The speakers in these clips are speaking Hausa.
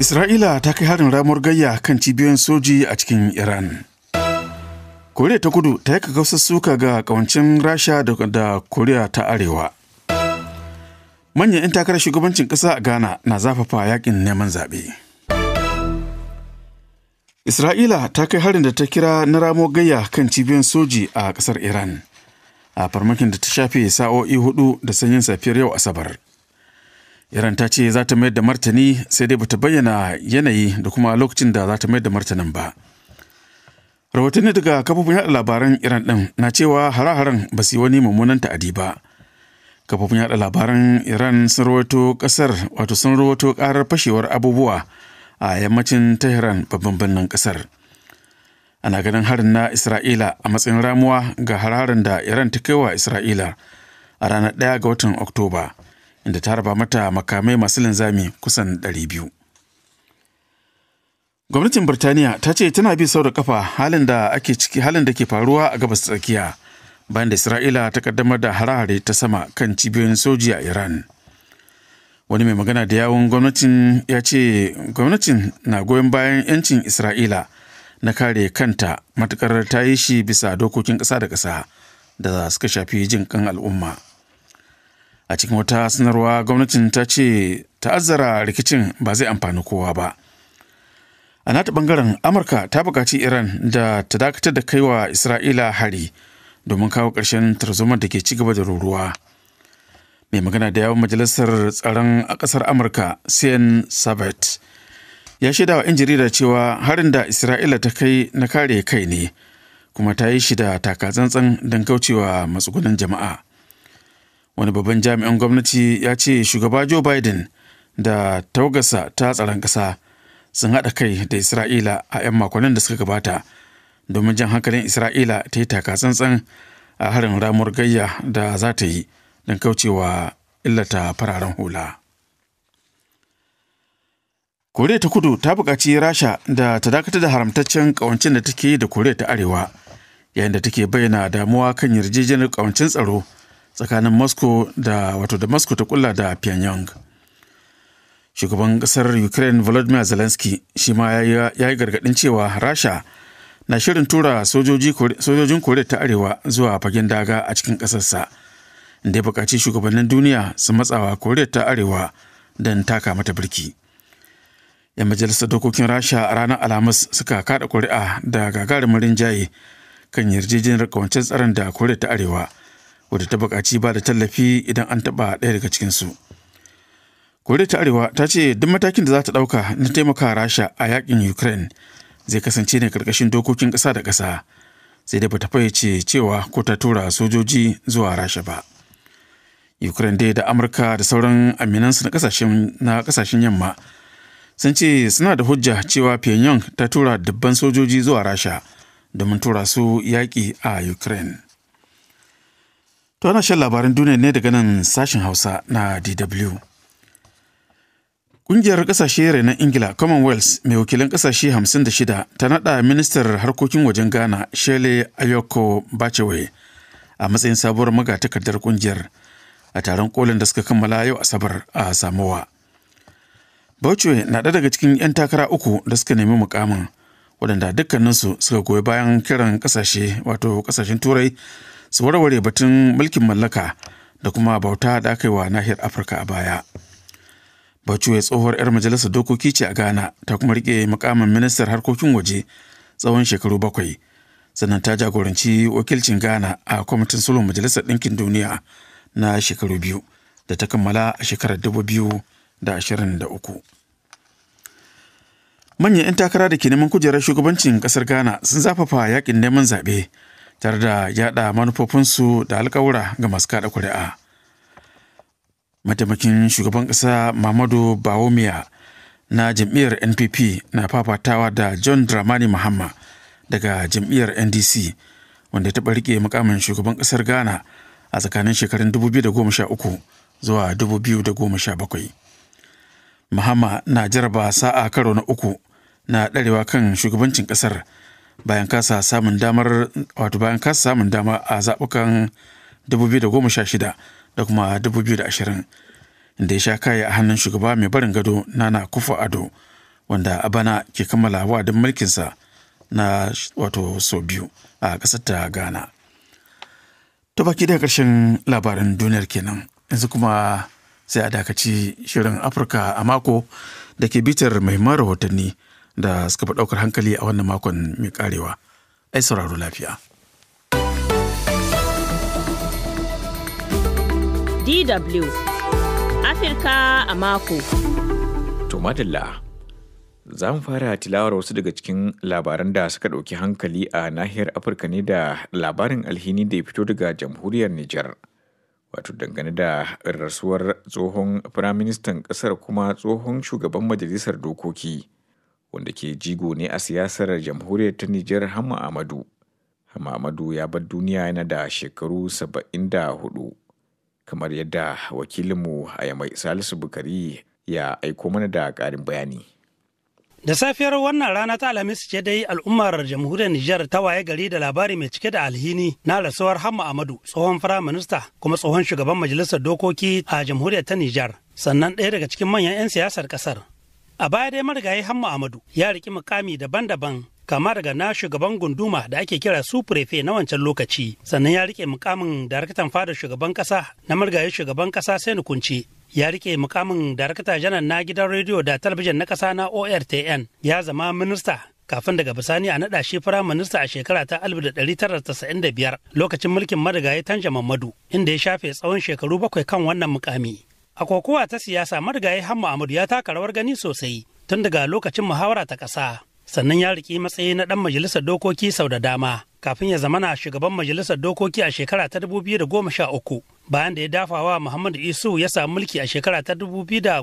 Isra'ila ta kai harin ramar gayya kan cibiyoyin soji a cikin Iran. Koriya ta kudu ta yi kakausar suka ga kawancin Rasha da Koriya ta Arewa. Manyan 'yan takarar shugabancin ƙasa a Ghana na zafafa yakin neman zaɓe. Isra'ila ta kai harin da ta kira na ramo gayya kan cibiyoyin soji a ƙasar Iran. A farmakin da ta shafe sa'o'i hudu da sanyin safiyar yau Asabar. Iran ta ce za ta mayar da martani sai dai bata bayyana yanayi da kuma lokacin da za ta mayar da martanin ba. Rahotanni daga kafofin yaɗa labaran Iran ɗin na cewa hare-haren ba su yi wani mummunan ta'adi ba. Kafofin yaɗa labaran Iran sun rawaito ƙasar wato sun rawaito ƙarar fashewar abubuwa a yammacin Tehran babban birnin ƙasar. Ana ganin harin na Isra'ila a matsayin ramuwa ga hare-haren da Iran ta kai wa Isra'ila a ranar ɗaya ga watan Oktoba. inda ta raba mata makamai masu linzami kusan 200 gwamnatin birtaniya ta ce tana bi sau da kafa halin da ake ciki halin da ke faruwa a gabas tsakiya bayan da isra'ila ta kaddamar da harare ta sama kan cibiyoyin soji a iran wani mai magana da yawun gwamnatin ya ce gwamnatin na goyon bayan 'yancin isra'ila na kare kanta matukar ta yi shi bisa dokokin ƙasa da ƙasa da suka shafi jin kan al'umma a cikin wata sanarwa gwamnatin ta ce ta'azzara rikicin ba zai amfani kowa ba a nata bangaren amurka ta buƙaci iran da ta dakatar da kaiwa isra'ila hari domin kawo ƙarshen tarzoma da ke ci gaba da ruruwa mai magana da yawon majalisar tsaron a ƙasar amurka cn sabat ya shaida wa 'yan jarida cewa harin da isra'ila ta kai na kare kai ne kuma ta yi shi da taka tsantsan don kaucewa matsugunan jama'a wani babban jami'in gwamnati ya ce shugaba joe biden da taugasa ta tsaron ƙasa sun haɗa kai da isra'ila a 'yan makonnin da suka gabata domin jan hankalin isra'ila ta yi taka tsantsan a harin ramuwar gayya da za ta yi don kaucewa illata fararen hula koriya ta kudu ta buƙaci rasha da ta dakatar da haramtaccen ƙawancin da take yi da koriya ta arewa yayin da take bayyana damuwa kan yarjejeniyar ƙawancin tsaro tsakanin moscow da wato da moscow ta kulla da pyongyang shugaban kasar ukraine volodymyr zelensky shi ma ya yi gargadin cewa rasha na shirin tura sojojin koriya ta arewa zuwa fagen daga a cikin ƙasarsa da ya buƙaci shugabannin duniya su matsawa koriya ta arewa don taka mata birki yan majalisar dokokin rasha a ranar alhamis suka kada kuri'a da gagarumin rinjaye kan yarjejeniyar kawancin tsaron da koriya ta arewa wadda ta buƙaci ba da tallafi idan an taɓa ɗaya daga cikinsu. Koriya ta Arewa ta ce duk matakin da za ta ɗauka na taimaka Rasha a yakin Ukraine zai kasance ne ƙarƙashin dokokin ƙasa da ƙasa sai dai bata fayyace cewa ko ta tura sojoji zuwa Rasha ba. Ukraine dai da Amurka da sauran aminansu na ƙasashen na ƙasashen yamma sun ce suna da hujja cewa Pyongyang ta tura dubban sojoji zuwa Rasha domin tura su yaƙi a Ukraine. To ana shan labaran duniya ne daga nan sashen Hausa na DW. Ƙungiyar ƙasashe renon Ingila Commonwealth mai wakilin ƙasashe 56 ta naɗa ministar harkokin wajen Ghana shirley Ayoko Bachewe a matsayin sabuwar magatakardar ƙungiyar a taron kolin da suka kammala yau Asabar a Samowa. Bachewe na ɗaya daga cikin 'yan takara uku da suka nemi mukamin waɗanda dukkaninsu suka goyi bayan kiran ƙasashe wato ƙasashen Turai su warware batun mulkin mallaka da kuma bauta da aka yi wa nahiyar afirka a baya ya tsohuwar 'yar majalisa dokoki ce a ghana ta kuma rike mukamin ministar harkokin waje tsawon shekaru bakwai sannan ta jagoranci wakilcin ghana a kwamitin sulhun majalisar ɗinkin duniya na shekaru biyu da ta kammala a shekarar dubu biyu da da ashirin uku manyan 'yan takara da ke neman kujerar shugabancin ƙasar ghana sun zafafa yakin neman zaɓe tare da yada manufofinsu da alkawura ga masu kada kuri'a. Mataimakin shugaban ƙasa Mamadu Bawumia na jam'iyyar NPP na fafatawa da John Dramani Mahama daga jam'iyyar NDC wanda ya taɓa riƙe mukamin shugaban ƙasar Ghana a tsakanin shekarun 2013 zuwa 2017. Mahama na jaraba sa'a karo na uku na ɗarewa kan shugabancin ƙasar. bayan kasa samun damar wato bayan kasa samun dama a zaɓukan 2016 da kuma 2020 da ya sha kaya a hannun shugaba mai barin gado nana kufa ado wanda a bana ke kammala wa'adin mulkinsa na wato sau biyu a ƙasar ta ghana ta baki da ƙarshen labarin duniyar kenan yanzu kuma sai a dakaci shirin afirka a mako da ke bitar mai rahotanni da suka fi ɗaukar hankali a wannan makon mai karewa. Ai sauraro lafiya. DW Afirka a mako. To madalla, za mu fara tilawar wasu daga cikin labaran da suka ɗauki hankali a nahiyar Afirka ne da labarin alhini da ya fito daga jamhuriyar Nijar. Wato dangane da rasuwar tsohon firaministan ƙasar kuma tsohon shugaban majalisar dokoki. wanda ke jigo ne a siyasar jamhuriyar ta Nijar Hama Amadu. Hama Amadu ya bar duniya yana da shekaru saba'in da hudu. kamar yadda wakilinmu a yamai Salisu Bukari ya aiko mana da ƙarin bayani. Da safiyar wannan rana ta Alhamis ce dai al'ummar jamhuriyar Nijar ta waye gari da labari mai cike da alhini na rasuwar Hamma Amadu tsohon firaminista kuma tsohon shugaban majalisar dokoki a jamhuriyar ta Nijar sannan ɗaya daga cikin manyan 'yan siyasar ƙasar. A baya dai marigayi Hamma Amadu ya riki mukami daban-daban kama daga na shugaban gunduma da ake kira su prefe na wancan lokaci sannan ya rike mukamin darakatan fadar shugaban kasa na marigayi shugaban kasa sai kunce ya rike mukamin darakta janar na gidan rediyo da talabijin na kasa na ortn ya zama minista kafin daga bisani a naɗa shi fara minista a shekara ta 1995 lokacin mulkin marigayi tanja mamadu inda ya shafe tsawon shekaru bakwai kan wannan mukami A kokowa ta siyasa marigayi Hamma Amadu ya taka rawar gani sosai tun daga lokacin muhawara ta ƙasa. Sannan ya riƙi matsayi na ɗan majalisar dokoki sau da dama kafin ya zamana shugaban majalisar dokoki a shekara ta dubu biyu da goma sha uku bayan da ya dafa wa Muhammadu Isu ya samu mulki a shekara ta da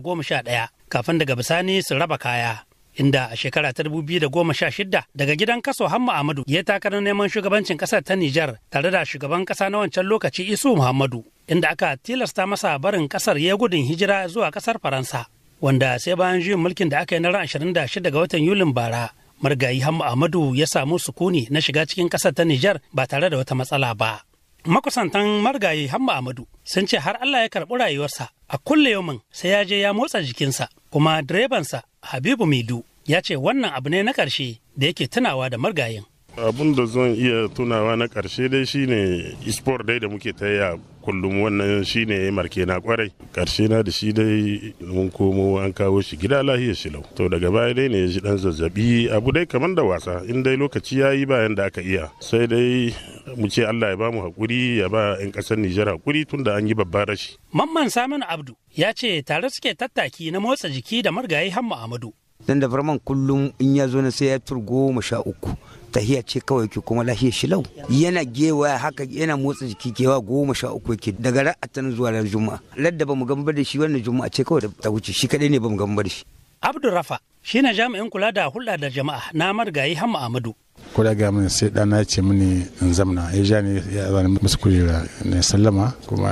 goma sha ɗaya kafin daga bisani su raba kaya. inda a shekara ta 2016 daga gidan kaso Hamma Ahmadu ya takarar neman shugabancin kasar ta Nijar tare da shugaban kasa na wancan lokaci Isu Muhammadu inda aka tilasta masa barin kasar ya gudun hijira zuwa kasar Faransa wanda sai bayan juyin mulkin da aka yi na ran 26 ga watan Yulin bara Margayi Hamma Ahmadu ya samu sukuni na shiga cikin kasar ta Nijar ba tare da wata matsala ba. makusantan marigayi hamma amadu sun ce har allah ya karɓi rayuwarsa a kulle yaumin sai ya je ya motsa jikinsa kuma direbansa habibu midu ya ce wannan abu ne na ƙarshe da yake tunawa da marigayin Abin da zan iya tunawa na karshe dai shine sport dai da muke taya kullum wannan shine ya marke na kwarai karshe na da shi dai mun komo an kawo shi gida lahiyar shi lau to daga baya dai ne ya ji dan zazzabi abu dai kamar da wasa in dai lokaci ya yi bayan da aka iya sai dai mu ce Allah ya ba mu hakuri ya ba 'yan kasar Nijar hakuri tun da an yi babban rashi. Mamman Saminu Abdu ya ce tare suke tattaki na motsa jiki da margayi Hamma Amadu. Dan da farman kullum in ya zo na sai ya turgo goma sha uku tahiya ce kawai ke kuma lafiya shi lau yana gewa haka yana motsa jiki gewa goma sha uku yake daga ra'atan zuwa ran juma'a ladda bamu gamba da shi wannan juma'a ce kawai da ta wuce shi kadai ne bamu gamba da shi abdurrafa shi na jami'in kula da hulɗa da jama'a na margayi hamma amadu ko da ga min sai dana ce mini in zamna ya ja ne ya zana musu kujera ne sallama kuma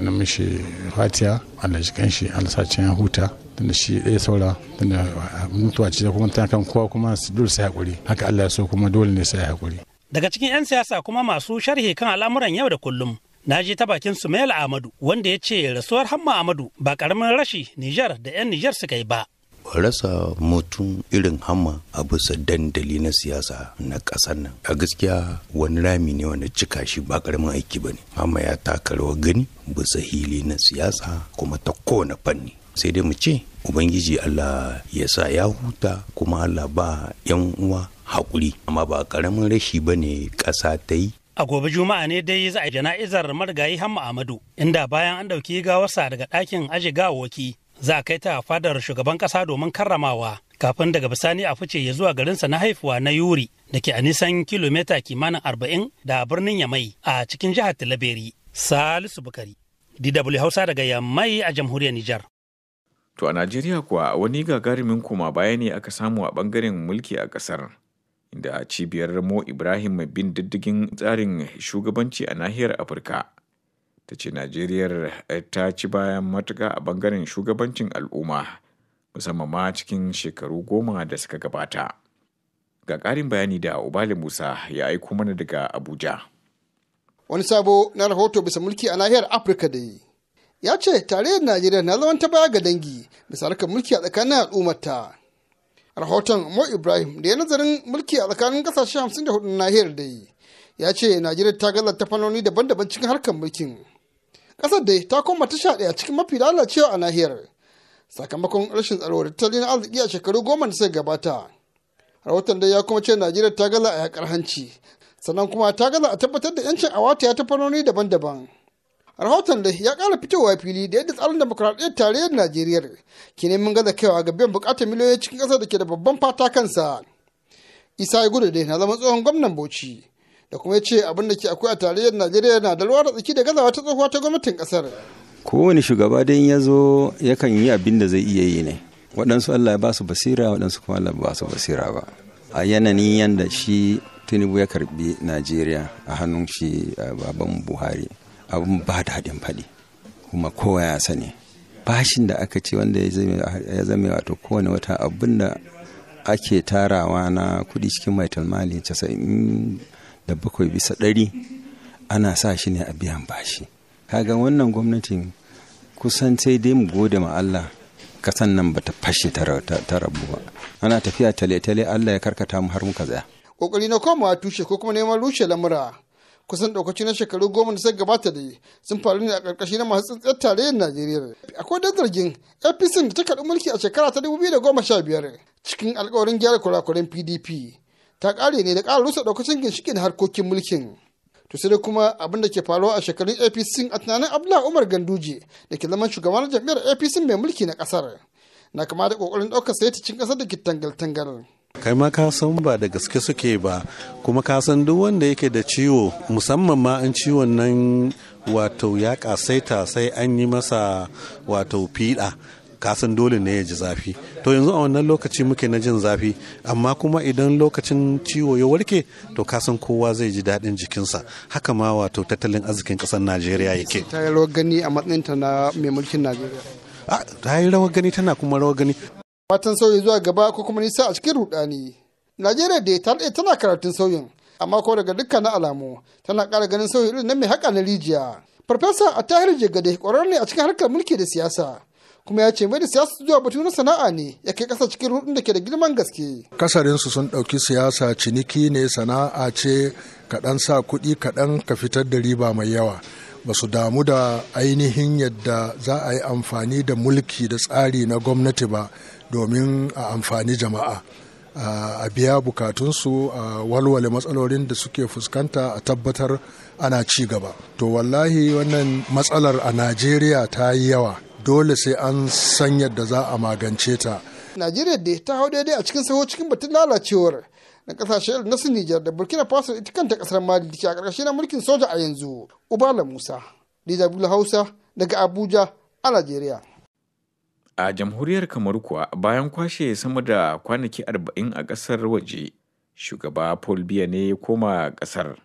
na mishi fatiya Allah shi kanshi Allah sa ya huta tunda shi ɗaya eh, saura tunda ah, mutuwa ce kuma ta kan kowa kuma dole sai haƙuri haka Allah ya so kuma dole ne sai hakuri Daga cikin 'yan siyasa kuma masu sharhi kan al'amuran yau da kullum Na'ji ta bakin Sumaila Ahmadu wanda ya ce rasuwar Hamma Ahmadu ba karamin rashi Nijar da 'yan Nijar suka yi ba. rasa mutum irin hamma a bisa dandali na siyasa na ƙasar nan a gaskiya wani rami ne wanda cika shi ba karamin aiki ba ne hamma ya taka gani bisa hili na siyasa kuma ta kowane fanni sai dai mu ce ubangiji allah ya sa ya huta kuma allah ba yan uwa haƙuri amma ba ƙaramin rashi ba ne ƙasa ta yi a gobe juma'a ne dai za a jana'izar marigayi hamma amadu inda bayan an ɗauki gawarsa daga ɗakin aji gawoki za a kai ta fadar shugaban ƙasa domin karramawa kafin daga bisani a fice ya zuwa garinsa na haifuwa na yuri da ke a nisan kilomita kimanin arba'in da birnin yamai a cikin jihar talaberi salisu bukari dw hausa daga yamai a jamhuriyar nijar To a Najeriya kuwa wani gagarumin koma baya ne aka samu a ɓangaren mulki a ƙasar. Inda cibiyar Mo Ibrahim mai bin diddigin tsarin shugabanci a nahiyar Afirka ta ce Najeriya eh, ta ci bayan matuka a ɓangaren shugabancin al'umma musamman ma cikin shekaru goma da suka gabata. Ga ƙarin bayani da Ubali Musa ya aiko mana daga Abuja. Wani sabo na rahoto bisa mulki a nahiyar Afirka da yi. ya ce tarayyar najeriya na zama ta baya ga dangi bisa harkar mulki a tsakanin al'ummarta rahoton mo ibrahim da ya nazarin mulki a tsakanin kasashe 54 nahiyar dai ya ce najeriya ta gaza ta fannoni daban-daban cikin harkar mulkin kasar dai ta koma ta sha daya cikin mafi lalacewa a nahiyar sakamakon rashin tsaro da tattalin arziki a shekaru goma da suka gabata rahoton dai ya kuma ce najeriya ta gaza a yakar hanci sannan kuma ta gaza a tabbatar da yancin awata ta fannoni daban-daban rahoton da ya kara fitowa fili da yadda tsarin demokuraɗiyyar tarayyar najeriya ke neman gaza kaiwa ga biyan bukatar miliyoyi cikin ƙasar da ke da babban fata kansa isa ya gudu na zama tsohon gwamnan bauchi da kuma ya ce abin da ke akwai a tarayyar najeriya na da ruwa da tsaki da gazawa ta tsohuwa ta gwamnatin ƙasar kowane shugaba dai ya zo yakan yi abin da zai iya yi ne waɗansu allah ya ba basira waɗansu kuma allah ba su basira ba a yanayin yanda shi tinubu ya karbi najeriya a hannun shi eh, baban buhari abin ba daɗin faɗi kuma kowa ya sani bashin da aka ce wanda ya zame wato kowane wata abin da ake tarawa na kuɗi cikin mai mali casa'in da bakwai bisa ɗari ana sa shi ne a biyan bashi kaga wannan gwamnatin kusan sai dai mu gode ma Allah kasan nan bata fashe ta rabu ba ana tafiya tale-tale Allah ya karkata mu har muka zaya. kokari na komawa tushe ko kuma neman rushe lamura kusan ɗaukaci na shekaru goma da sai gabata da yi, sun faru ne a ƙarƙashi na masu tsantsar tarayyar najeriya akwai da zargin apc da ta karɓi mulki a shekara ta biyar. cikin alkawarin gyara kurakuren pdp ta ƙare ne da ƙara rusa ɗaukacin ginshikin harkokin mulkin to sai dai kuma abin da ke faruwa a shekarun apc a tunanin abdullahi umar ganduje da ke zaman shugaban jam'iyyar apc mai mulki na ƙasar na kama da ƙoƙarin ɗaukar sayar cikin ƙasar da ke tangal-tangal kai ma ka san ba da gaske suke ba kuma ka san duk wanda yake da ciwo musamman ma an ciwon nan wato ya kasaita sai an yi masa wato fiɗa kasan dole ne ya ji zafi to yanzu a wannan lokaci muke na jin zafi amma kuma idan lokacin ciwo ya warke to kasan kowa zai ji daɗin jikinsa haka ma wato tattalin arzikin ƙasar najeriya yake ta yi rawar gani a matsayinta na mai mulkin najeriya ta yi rawar gani tana kuma rawar gani fatan sauyi zuwa gaba ko kuma nisa a cikin rudani najeriya da ta daɗe tana karatun sauyin amma ko daga na alamu tana ƙara ganin sauyi irin na mai haƙa na rijiya farfesa a tahir jigade ƙwararre a cikin harkar mulki da siyasa kuma ya ce mai da siyasa zuwa batu na sana'a ne ya kai kasa cikin rudin da ke da girman gaske kasarinsu sun ɗauki siyasa ciniki ne sana'a ce kaɗan sa kuɗi kaɗan ka fitar da riba mai yawa ba su damu da ainihin yadda za a yi amfani da mulki da tsari na gwamnati ba domin a amfani jama'a a biya bukatunsu a walwale matsalolin da suke fuskanta a tabbatar ana ci gaba to wallahi wannan matsalar a najeriya ta yi yawa dole sai an san yadda za a magance ta najeriya da ta hau daidai a cikin saho cikin batun lalacewar na kasashe na su nijar da burkina faso ita kanta kasar mali da ke a ƙarƙashin na mulkin soja a yanzu ubala musa dija hausa daga abuja a najeriya A jamhuriyar kamar kuwa bayan kwashe sama da kwanaki 40 a ƙasar waje, shugaba Paul Biya ne ya koma ƙasar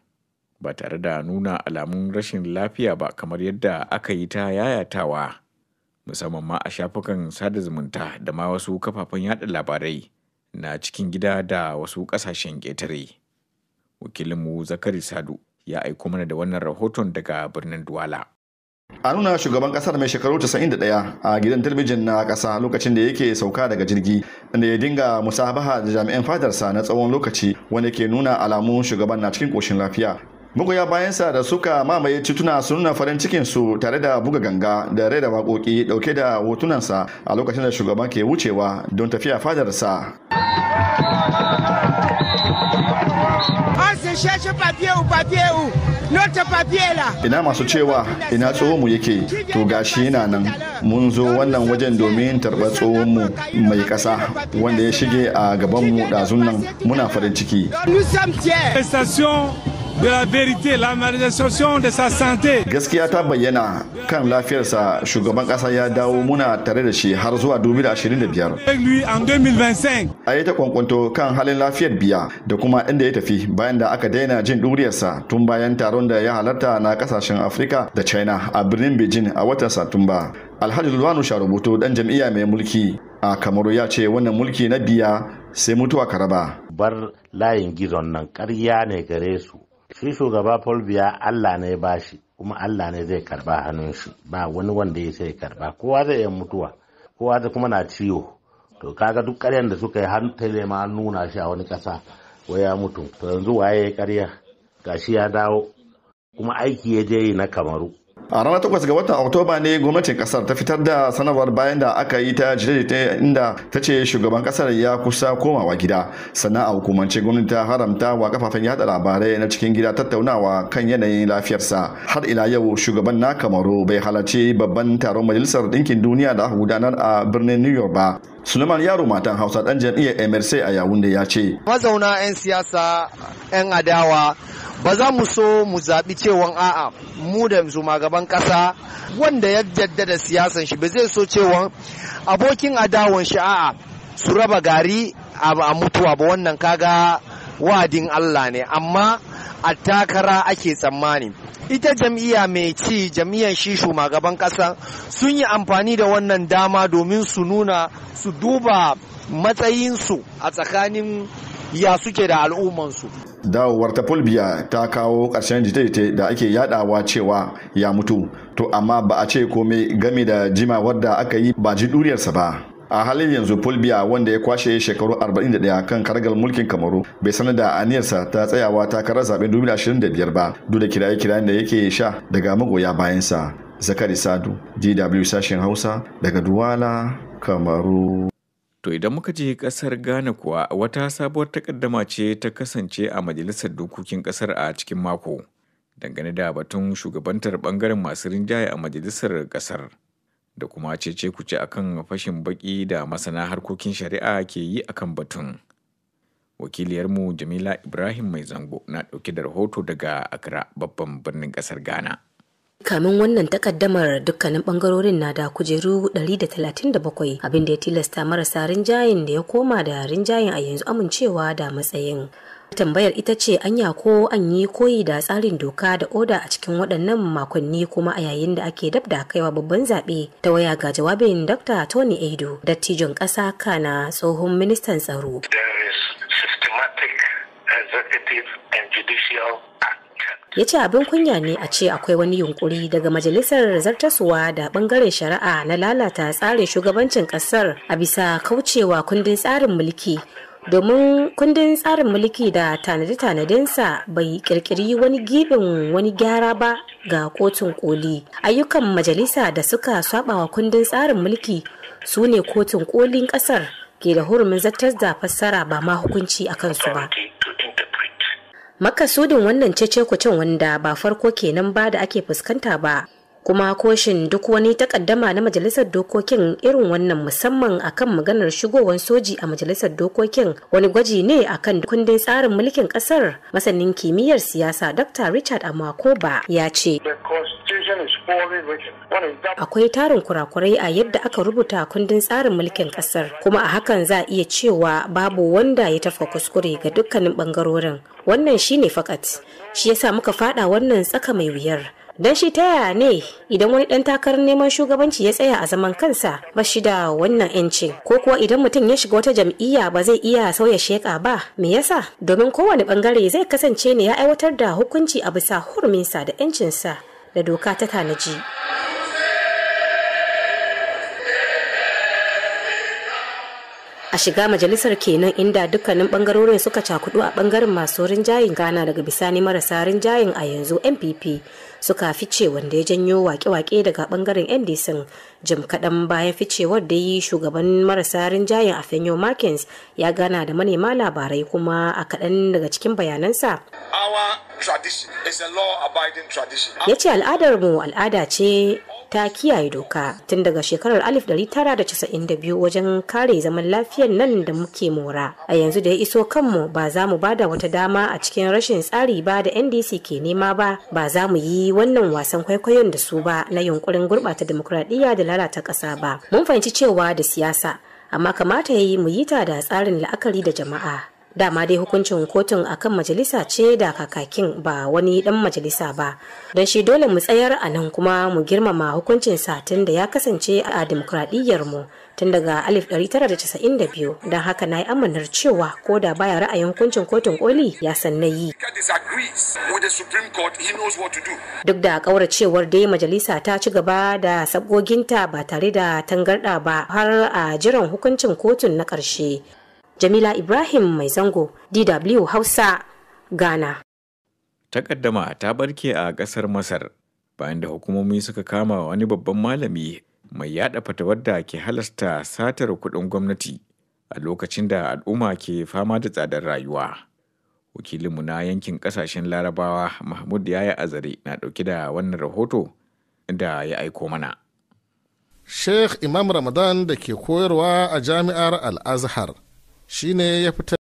ba tare da nuna alamun rashin lafiya ba kamar yadda aka yi ta yayatawa, musamman ma a shafukan sada zumunta da ma wasu kafafen yada labarai na cikin gida da wasu ƙasashen ƙetare. Wakilinmu Zakari Sadu ya aiko mana da wannan rahoton daga birnin Duwala. a nuna shugaban kasar mai shekaru 91 a gidan talabijin na kasa lokacin da yake sauka daga jirgi inda ya dinga musabaha da jami'an fadarsa na tsawon lokaci wanda ke nuna alamun shugaban na cikin koshin lafiya magoya bayansa da suka mamaye tituna su nuna farin cikin su tare da buga ganga da rai da waƙoƙi dauke da hotunansa a lokacin da shugaban ke wucewa don tafiya fadarsa An cherchez papier ina masu cewa ina tsohonmu yake to gashi yana nan mun zo wannan wajen domin tarbar tsohonmu mai kasa wanda ya shige a gabanmu ɗazun nan muna farin ciki de la vérité, la manifestation de sa santé. Gaskiya ta bayyana kan lafiyarsa shugaban kasa ya dawo muna tare da shi har zuwa 2025. Avec lui en 2025. A ta kwankwanto kan halin lafiyar biya da kuma inda ya tafi bayan da aka daina jin duriyarsa tun bayan taron da ya halarta na kasashen Afirka da China a birnin Beijing a watan Satumba. Alhaji Lulwanu Sharubuto dan jam'iyya mai mulki a Kamaru ya ce wannan mulki na biya sai mutuwa karaba. Bar layin gizon nan ƙarya ne gare su. shi shugaba Paul Biya Allah ne ba shi kuma Allah ne zai karba hannun shi ba wani wanda ya sai karba kowa zai yi mutuwa kowa zai kuma na ciwo to kaga duk ƙaryar da suka yi har ma nuna shi a wani ƙasa wai ya mutu to yanzu waye ya ƙarya gashi ya dawo kuma aiki ya je yi na kamaru a ranar takwas ga watan oktoba ne gwamnatin kasar ta fitar da sanarwar bayan da aka yi ta jirage inda ta ce shugaban kasar ya kusa komawa gida sannan a hukumance gwamnati ta haramta wa kafafen yada labarai na cikin gida tattaunawa kan yanayin lafiyarsa har ila yau shugaban na kamaru bai halarci babban taron majalisar ɗinkin duniya da aka gudanar a birnin new york ba Suleiman Yaro matan Hausa dan jam'iyyar MRC a Yawunde ya ce. Mazauna 'yan siyasa 'yan adawa ba za mu so mu zaɓi cewa a'a mu da gaban ƙasa wanda ya jaddada siyasan shi ba zai so cewa abokin adawan shi a'a su raba gari a mutuwa ba wannan kaga wa'adin Allah ne amma a takara ake tsammani ita jam'iyya mai ci jam'iyyar shi shugaban kasa sun yi amfani da wannan dama domin su nuna su duba matsayinsu a tsakanin ya suke da al'ummansu dawowar ta fulbiya ta kawo ƙarshen jita-jita da ake yadawa cewa ya mutu to amma ba a ce komai game da jima da aka yi ba ji duriyarsa ba a halin yanzu fulbiya wanda ya kwashe shekaru 41 kan kargal mulkin kamaru bai sanar da aniyarsa ta tsayawa takarar zaben 2025 ba duk da kiraye-kirayen da yake sha daga magoya bayansa zakari sadu dw sashen hausa daga duwala kamaru To idan muka je kasar Ghana kuwa wata sabuwar takaddama ce ta kasance a majalisar dokokin kasar a cikin mako dangane da batun shugabantar bangaren masu rinjaye a majalisar kasar. da kuma cece kuce kan fashin baki da masana harkokin shari'a ke yi akan batun. Wakiliyarmu Jamila Ibrahim Mai Zango na ɗauke da rahoto daga akra babban birnin ƙasar Ghana. kamin wannan takaddamar dukkanin bangarorin na da kujeru 137 abinda ya tilasta marasa rinjayen da ya koma da rinjayen a yanzu amincewa da matsayin Tambayar ita ce anya ko an yi koyi da tsarin doka da oda a cikin waɗannan makonni kuma a yayin da ake dab da kaiwa babban zaɓe ta waya ga jawabin Dr. Tony edo dattijon ƙasa kana tsohon ministan tsaro. ya ce abin kunya ne a ce akwai wani yunkuri daga majalisar zartaswa da bangaren shari'a na lalata tsarin shugabancin ƙasar a bisa kaucewa kundin tsarin mulki domin kundin tsarin mulki da tanade-tanadensa bai kirkiri wani gibin wani gyara ba ga kotun koli ayyukan majalisa da suka sabawa kundin tsarin mulki su ne kotun kolin ƙasar ke da hurumin zartar da fassara ba ma hukunci a kansu ba makasudin wannan cece kucin wanda ba farko kenan ba da ake fuskanta ba kuma koshin duk wani takaddama na majalisar dokokin irin wannan musamman akan maganar shigowar soji a majalisar dokokin wani gwaji ne akan kundin tsarin mulkin kasar masanin kimiyyar siyasa dr richard amakoba ya ce akwai tarin kurakurai a yadda aka rubuta kundin tsarin mulkin kasar kuma a hakan za a iya cewa babu wanda ya tafka kuskure ga dukkanin bangarorin wannan shine fakat shi yasa muka fada wannan tsaka mai wuyar dan shi ta yaya ne idan wani dan takarar neman shugabanci ya tsaya a zaman kansa ba shi da wannan yancin ko kuwa idan mutum ya shiga wata jam'iyya ba zai iya sauya sheka ba me yasa domin kowane bangare zai kasance ne ya aiwatar da hukunci a bisa hurminsa da yancinsa da doka ta tanaji. a shiga majalisar kenan inda dukkanin bangarorin suka cakudu a bangaren masu rinjayen gana daga bisani marasa rinjayen a yanzu npp suka fice wanda ya janyo wake-wake daga bangaren 'yan jim kaɗan bayan ficewar da yi shugaban marasa rinjayen fenyo markins ya gana da manema labarai kuma a kaɗan daga cikin bayanansa ya ce al'adarmu al'ada ce ta kiyaye doka tun daga shekarar 1992 wajen kare zaman lafiyar nan da muke mora a yanzu da ya iso kanmu ba za mu ba da wata dama a cikin rashin tsari ba da ndc ke nema ba ba za mu yi wannan wasan kwaikwayon da su ba na yunkurin gurɓata demokuraɗiyya da ta ƙasa ba mun fahimci cewa da siyasa amma kamata yi mu yi ta da tsarin la'akari da jama'a dama dai hukuncin kotun akan majalisa ce da kakakin ba wani dan majalisa ba don shi dole mu tsayar a nan kuma mu girmama hukuncin satin da ya kasance a dimokuraɗiyyar mu tun daga 1992 don haka na yi amanar cewa ko da baya ra'ayin hukuncin kotun koli ya san na yi. Duk da kauracewar dai majalisa ta ci gaba da sabgoginta ba tare da tangarɗa ba har a jiran hukuncin kotun na ƙarshe. Jamila Ibrahim mai zango DW Hausa Ghana. Takaddama ta barke a ƙasar Masar bayan da hukumomi suka kama wani babban malami mai yada fata wadda ke halasta satar kuɗin gwamnati a lokacin da al'umma ke fama da tsadar rayuwa. Wakilinmu na yankin ƙasashen larabawa Mahmud Yaya Azare na ɗauki da wannan rahoto da ya aiko mana. Sheikh Imam Ramadan da ke koyarwa a jami'ar Al-Azhar shi ne ya fitar